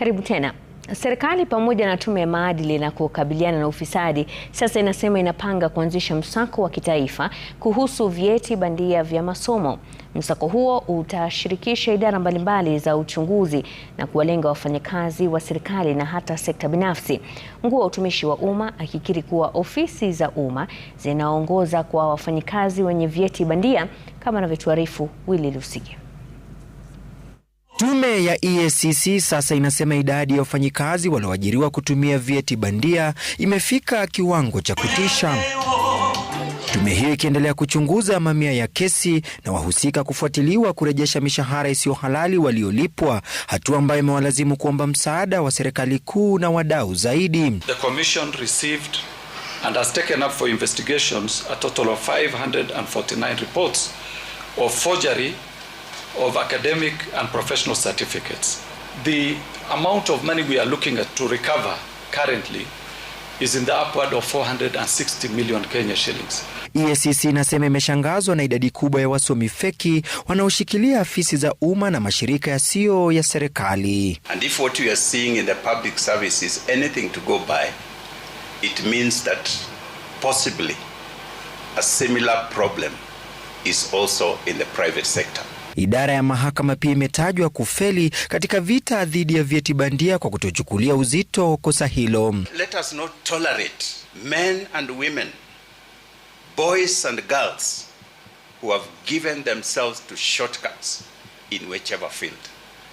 Karibu tena. Serikali pamoja na tume ya maadili na kukabiliana na ufisadi sasa inasema inapanga kuanzisha msako wa kitaifa kuhusu vyeti bandia vya masomo. Msako huo utashirikisha idara mbalimbali za uchunguzi na kuwalenga wafanyakazi wa serikali na hata sekta binafsi. Mkuu wa utumishi wa umma akikiri kuwa ofisi za umma zinaongoza kwa wafanyakazi wenye vyeti bandia, kama anavyotuarifu Willy Lusige. Tume ya EACC sasa inasema idadi ya wafanyikazi walioajiriwa kutumia vyeti bandia imefika kiwango cha kutisha. Tume hiyo ikiendelea kuchunguza mamia ya kesi na wahusika kufuatiliwa kurejesha mishahara isiyo halali waliolipwa, hatua ambayo imewalazimu kuomba msaada wa serikali kuu na wadau zaidi. The commission received and has taken up for investigations a total of 549 reports of forgery of academic and professional certificates. The amount of money we are looking at to recover currently is in the upward of 460 million Kenya shillings. EACC inasema imeshangazwa na idadi kubwa ya wasomi feki wanaoshikilia afisi za umma na mashirika yasiyo ya, serikali. And if what you are seeing in the public service is anything to go by, it means that possibly a similar problem is also in the private sector. Idara ya mahakama pia imetajwa kufeli katika vita dhidi ya vyeti bandia kwa kutochukulia uzito kosa hilo. Let us not tolerate men and women, boys and girls who have given themselves to shortcuts in whichever field.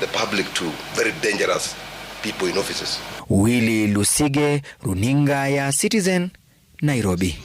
the public to very dangerous people in offices. Willy Lusige, Runinga ya Citizen, Nairobi.